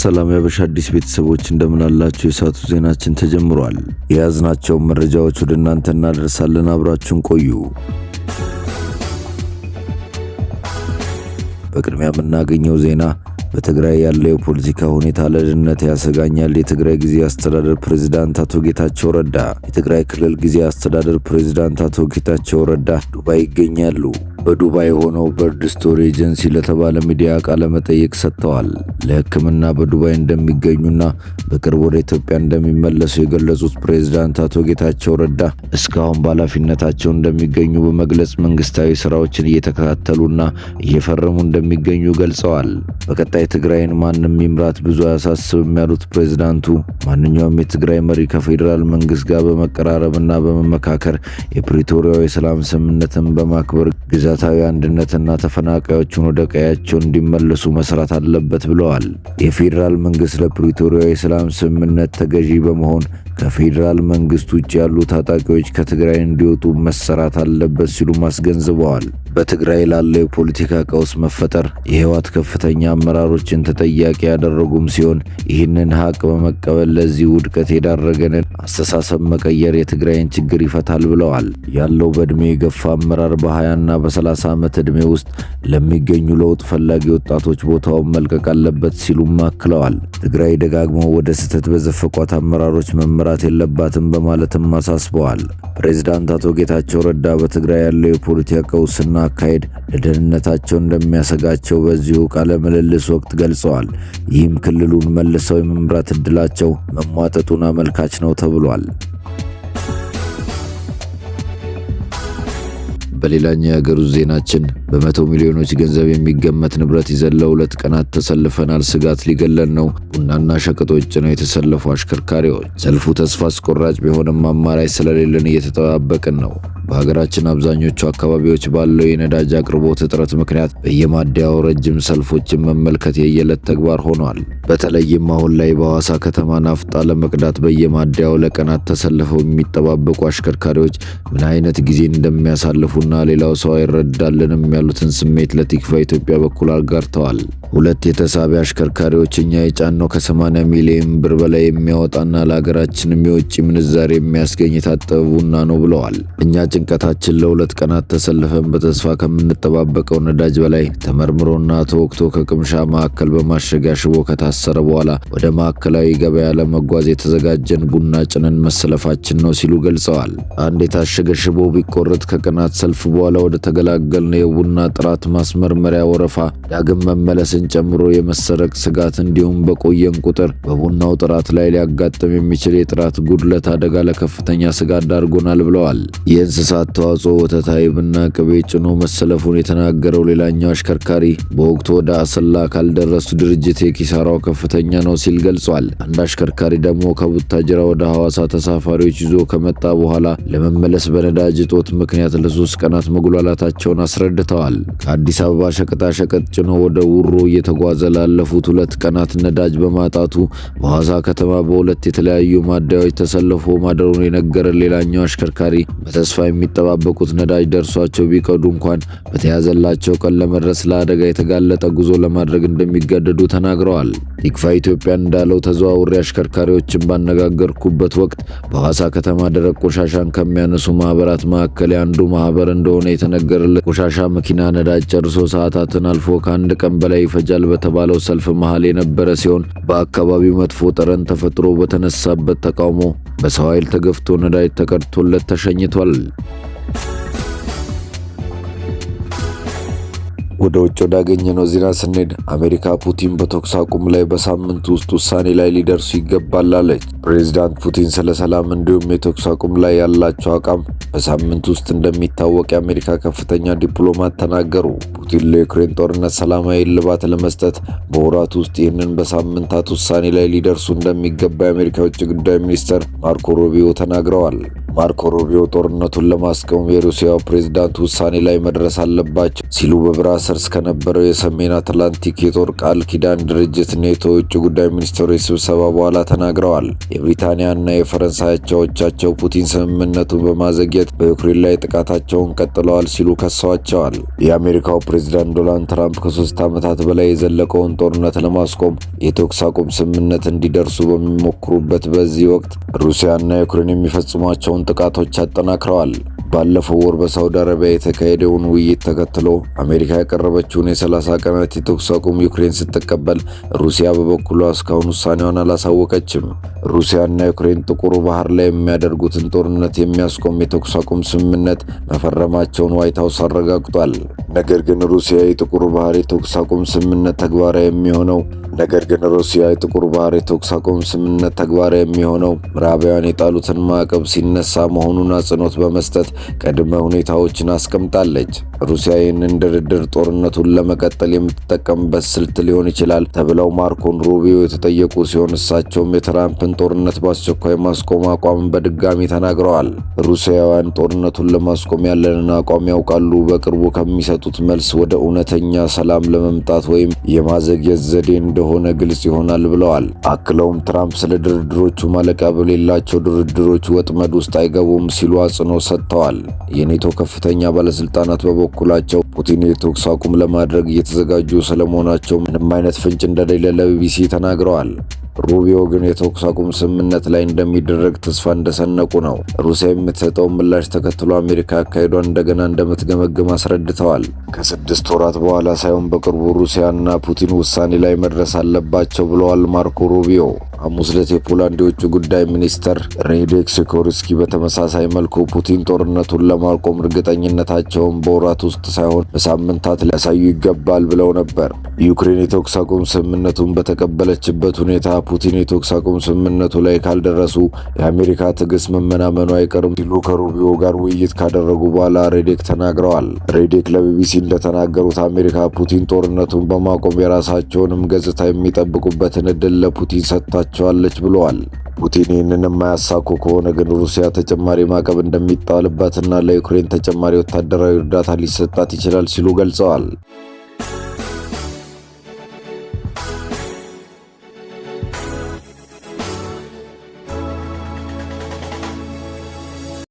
ሰላም ያበሻ አዲስ ቤተሰቦች እንደምን አላችሁ? የሰዓቱ ዜናችን ተጀምሯል። የያዝናቸውን መረጃዎች ወደ እናንተ እናደርሳለን። አብራችሁን ቆዩ። በቅድሚያ የምናገኘው ዜና በትግራይ ያለው የፖለቲካ ሁኔታ ለደህንነት ያሰጋኛል። የትግራይ ጊዜ አስተዳደር ፕሬዚዳንት አቶ ጌታቸው ረዳ የትግራይ ክልል ጊዜ አስተዳደር ፕሬዚዳንት አቶ ጌታቸው ረዳ ዱባይ ይገኛሉ። በዱባይ ሆነው በርድ ስቶሪ ኤጀንሲ ለተባለ ሚዲያ ቃለ መጠይቅ ሰጥተዋል። ለሕክምና በዱባይ እንደሚገኙና በቅርብ ወደ ኢትዮጵያ እንደሚመለሱ የገለጹት ፕሬዝዳንት አቶ ጌታቸው ረዳ እስካሁን በኃላፊነታቸው እንደሚገኙ በመግለጽ መንግስታዊ ስራዎችን እየተከታተሉና እየፈረሙ እንደሚገኙ ገልጸዋል። በቀጣይ ትግራይን ማንም ይምራት ብዙ አያሳስብም ያሉት ፕሬዝዳንቱ ማንኛውም የትግራይ መሪ ከፌዴራል መንግስት ጋር በመቀራረብና በመመካከር የፕሪቶሪያው የሰላም ስምምነትን በማክበር ግዛ ግዛታዊ አንድነትና ተፈናቃዮቹን ወደ ቀያቸው እንዲመለሱ መስራት አለበት ብለዋል። የፌዴራል መንግስት ለፕሪቶሪያ የሰላም ስምምነት ተገዢ በመሆን ከፌዴራል መንግስት ውጭ ያሉ ታጣቂዎች ከትግራይ እንዲወጡ መሰራት አለበት ሲሉም አስገንዝበዋል። በትግራይ ላለው የፖለቲካ ቀውስ መፈጠር የህወሓት ከፍተኛ አመራሮችን ተጠያቂ ያደረጉም ሲሆን ይህንን ሀቅ በመቀበል ለዚህ ውድቀት የዳረገንን አስተሳሰብ መቀየር የትግራይን ችግር ይፈታል ብለዋል። ያለው በዕድሜ የገፋ አመራር በ20ና በ30 ዓመት ዕድሜ ውስጥ ለሚገኙ ለውጥ ፈላጊ ወጣቶች ቦታውን መልቀቅ አለበት ሲሉም አክለዋል። ትግራይ ደጋግሞ ወደ ስህተት በዘፈቋት አመራሮች መመራት የለባትም በማለትም አሳስበዋል። ፕሬዚዳንት አቶ ጌታቸው ረዳ በትግራይ ያለው የፖለቲካ ቀውስና አካሄድ ለደህንነታቸው እንደሚያሰጋቸው በዚሁ ቃለ ምልልስ ወቅት ገልጸዋል። ይህም ክልሉን መልሰው የመምራት እድላቸው መሟጠጡን አመልካች ነው ተብሏል። በሌላኛው የአገር ውስጥ ዜናችን በመቶ ሚሊዮኖች ገንዘብ የሚገመት ንብረት ይዘን ለሁለት ቀናት ተሰልፈናል። ስጋት ሊገለን ነው። ቡናና ሸቀጦች ጭነው የተሰለፉ አሽከርካሪዎች። ሰልፉ ተስፋ አስቆራጭ ቢሆንም አማራጭ ስለሌለን እየተጠባበቅን ነው። በሀገራችን አብዛኞቹ አካባቢዎች ባለው የነዳጅ አቅርቦት እጥረት ምክንያት በየማደያው ረጅም ሰልፎችን መመልከት የየዕለት ተግባር ሆኗል። በተለይም አሁን ላይ በሐዋሳ ከተማ ናፍጣ ለመቅዳት በየማደያው ለቀናት ተሰልፈው የሚጠባበቁ አሽከርካሪዎች ምን አይነት ጊዜ እንደሚያሳልፉና ሌላው ሰው አይረዳልንም ያሉትን ስሜት ለቲክቫ ኢትዮጵያ በኩል አጋርተዋል። ሁለት የተሳቢ አሽከርካሪዎች እኛ የጫነው ከ80 ሚሊዮን ብር በላይ የሚያወጣና ለሀገራችንም የውጭ ምንዛሬ የሚያስገኝ የታጠበ ቡና ነው ብለዋል። እኛ ጭንቀታችን ለሁለት ቀናት ተሰልፈን በተስፋ ከምንጠባበቀው ነዳጅ በላይ ተመርምሮና ተወቅቶ ከቅምሻ ማዕከል በማሸጊያ ሽቦ ከታሰረ በኋላ ወደ ማዕከላዊ ገበያ ለመጓዝ የተዘጋጀን ቡና ጭነን መሰለፋችን ነው ሲሉ ገልጸዋል። አንድ የታሸገ ሽቦ ቢቆረጥ ከቀናት ሰልፍ በኋላ ወደ ተገላገልነው የቡና የምርምርና ጥራት ማስመርመሪያ ወረፋ ዳግም መመለስን ጨምሮ የመሰረቅ ስጋት እንዲሁም በቆየን ቁጥር በቡናው ጥራት ላይ ሊያጋጥም የሚችል የጥራት ጉድለት አደጋ ለከፍተኛ ስጋት ዳርጎናል ብለዋል። የእንስሳት ተዋጽኦ ወተት፣ አይብና ቅቤ ጭኖ መሰለፉን የተናገረው ሌላኛው አሽከርካሪ በወቅቱ ወደ አሰላ ካልደረሱ ድርጅት የኪሳራው ከፍተኛ ነው ሲል ገልጿል። አንድ አሽከርካሪ ደግሞ ከቡታጅራ ወደ ሐዋሳ ተሳፋሪዎች ይዞ ከመጣ በኋላ ለመመለስ በነዳጅ እጦት ምክንያት ለሶስት ቀናት መጉላላታቸውን አስረድተዋል። ተከስተዋል። ከአዲስ አበባ ሸቀጣሸቀጥ ጭኖ ወደ ውሮ እየተጓዘ ላለፉት ሁለት ቀናት ነዳጅ በማጣቱ በሐዋሳ ከተማ በሁለት የተለያዩ ማደያዎች ተሰልፎ ማደሩን የነገረ ሌላኛው አሽከርካሪ በተስፋ የሚጠባበቁት ነዳጅ ደርሷቸው ቢቀዱ እንኳን በተያዘላቸው ቀን ለመድረስ ለአደጋ የተጋለጠ ጉዞ ለማድረግ እንደሚገደዱ ተናግረዋል። ቲክፋ ኢትዮጵያ እንዳለው ተዘዋውሪ አሽከርካሪዎችን ባነጋገርኩበት ወቅት በሐዋሳ ከተማ ደረቅ ቆሻሻን ከሚያነሱ ማህበራት መካከል የአንዱ ማህበር እንደሆነ የተነገረለት ቆሻሻ መኪና ነዳጅ ጨርሶ ሰዓታትን አልፎ ከአንድ ቀን በላይ ይፈጃል በተባለው ሰልፍ መሃል የነበረ ሲሆን በአካባቢው መጥፎ ጠረን ተፈጥሮ በተነሳበት ተቃውሞ በሰው ኃይል ተገፍቶ ነዳጅ ተቀድቶለት ተሸኝቷል። ወደ ውጭ ወዳገኘ ነው ዜና ስንሄድ አሜሪካ ፑቲን በተኩስ አቁም ላይ በሳምንት ውስጥ ውሳኔ ላይ ሊደርሱ ይገባል አለች። ፕሬዚዳንት ፑቲን ስለ ሰላም እንዲሁም የተኩስ አቁም ላይ ያላቸው አቋም በሳምንት ውስጥ እንደሚታወቅ የአሜሪካ ከፍተኛ ዲፕሎማት ተናገሩ። ፑቲን ለዩክሬን ጦርነት ሰላማዊ እልባት ለመስጠት በወራት ውስጥ ይህንን በሳምንታት ውሳኔ ላይ ሊደርሱ እንደሚገባ የአሜሪካ የውጭ ጉዳይ ሚኒስተር ማርኮ ሩቢዮ ተናግረዋል። ማርኮ ሩቢዮ ጦርነቱን ለማስቆም የሩሲያው ፕሬዝዳንት ውሳኔ ላይ መድረስ አለባቸው ሲሉ በብራሰልስ ከነበረው የሰሜን አትላንቲክ የጦር ቃል ኪዳን ድርጅት ኔቶ የውጭ ጉዳይ ሚኒስትሮች ስብሰባ በኋላ ተናግረዋል። የብሪታንያና የፈረንሳይ አቻዎቻቸው ፑቲን ስምምነቱን በማዘግየት በዩክሬን ላይ ጥቃታቸውን ቀጥለዋል ሲሉ ከሰዋቸዋል። የአሜሪካው ፕሬዚዳንት ዶናልድ ትራምፕ ከሶስት ዓመታት በላይ የዘለቀውን ጦርነት ለማስቆም የተኩስ አቁም ስምምነት እንዲደርሱ በሚሞክሩበት በዚህ ወቅት ሩሲያና ዩክሬን የሚፈጽሟቸውን ጥቃቶች አጠናክረዋል። ባለፈው ወር በሳውዲ አረቢያ የተካሄደውን ውይይት ተከትሎ አሜሪካ ያቀረበችውን የ30 ቀናት የተኩስ አቁም ዩክሬን ስትቀበል፣ ሩሲያ በበኩሏ እስካሁን ውሳኔዋን አላሳወቀችም። ሩሲያና ዩክሬን ጥቁሩ ባህር ላይ የሚያደርጉትን ጦርነት የሚያስቆም የተኩስ አቁም ስምምነት መፈረማቸውን ዋይት ሀውስ አረጋግጧል። ነገር ግን ሩሲያ የጥቁሩ ባህር የተኩስ አቁም ስምምነት ተግባራዊ የሚሆነው ነገር ግን ሩሲያ የጥቁር ባህር የተኩስ አቁም ስምምነት ተግባራዊ የሚሆነው ምዕራባውያን የጣሉትን ማዕቀብ ሲነሳ መሆኑን አጽንኦት በመስጠት ቅድመ ሁኔታዎችን አስቀምጣለች። ሩሲያ ይህንን ድርድር ጦርነቱን ለመቀጠል የምትጠቀምበት ስልት ሊሆን ይችላል ተብለው ማርኮን ሩቢዮ የተጠየቁ ሲሆን እሳቸውም የትራምፕን ጦር ጦርነት በአስቸኳይ ማስቆም አቋም በድጋሚ ተናግረዋል። ሩሲያውያን ጦርነቱን ለማስቆም ያለንን አቋም ያውቃሉ። በቅርቡ ከሚሰጡት መልስ ወደ እውነተኛ ሰላም ለመምጣት ወይም የማዘግየት ዘዴ እንደሆነ ግልጽ ይሆናል ብለዋል። አክለውም ትራምፕ ስለ ድርድሮቹ ማለቂያ በሌላቸው ድርድሮች ወጥመድ ውስጥ አይገቡም ሲሉ አጽንኦት ሰጥተዋል። የኔቶ ከፍተኛ ባለስልጣናት በበኩላቸው ፑቲን የተኩስ አቁም ለማድረግ እየተዘጋጁ ስለመሆናቸው ምንም አይነት ፍንጭ እንደሌለ ለቢቢሲ ተናግረዋል። ሩቢዮ ግን የተኩስ አቁም ስምምነት ላይ እንደሚደረግ ተስፋ እንደሰነቁ ነው። ሩሲያ የምትሰጠው ምላሽ ተከትሎ አሜሪካ አካሄዷን እንደገና እንደምትገመግም አስረድተዋል። ከስድስት ወራት በኋላ ሳይሆን በቅርቡ ሩሲያና ፑቲን ውሳኔ ላይ መድረስ አለባቸው ብለዋል ማርኮ ሩቢዮ። ሐሙስ ዕለት የፖላንድ የውጭ ጉዳይ ሚኒስተር ሬዴክ ሲኮርስኪ በተመሳሳይ መልኩ ፑቲን ጦርነቱን ለማቆም እርግጠኝነታቸውን በወራት ውስጥ ሳይሆን በሳምንታት ሊያሳዩ ይገባል ብለው ነበር። ዩክሬን የተኩስ አቁም ስምምነቱን በተቀበለችበት ሁኔታ ፑቲን የተኩስ አቁም ስምምነቱ ላይ ካልደረሱ የአሜሪካ ትዕግስት መመናመኑ አይቀርም ሲሉ ከሩቢዮ ጋር ውይይት ካደረጉ በኋላ ሬዴክ ተናግረዋል። ሬዴክ ለቢቢሲ እንደተናገሩት አሜሪካ ፑቲን ጦርነቱን በማቆም የራሳቸውንም ገጽታ የሚጠብቁበትን እድል ለፑቲን ሰጥታቸው ትሰጣቸዋለች ብለዋል። ፑቲን ይህንን የማያሳኩ ከሆነ ግን ሩሲያ ተጨማሪ ማዕቀብ እንደሚጣልባትና ለዩክሬን ተጨማሪ ወታደራዊ እርዳታ ሊሰጣት ይችላል ሲሉ ገልጸዋል።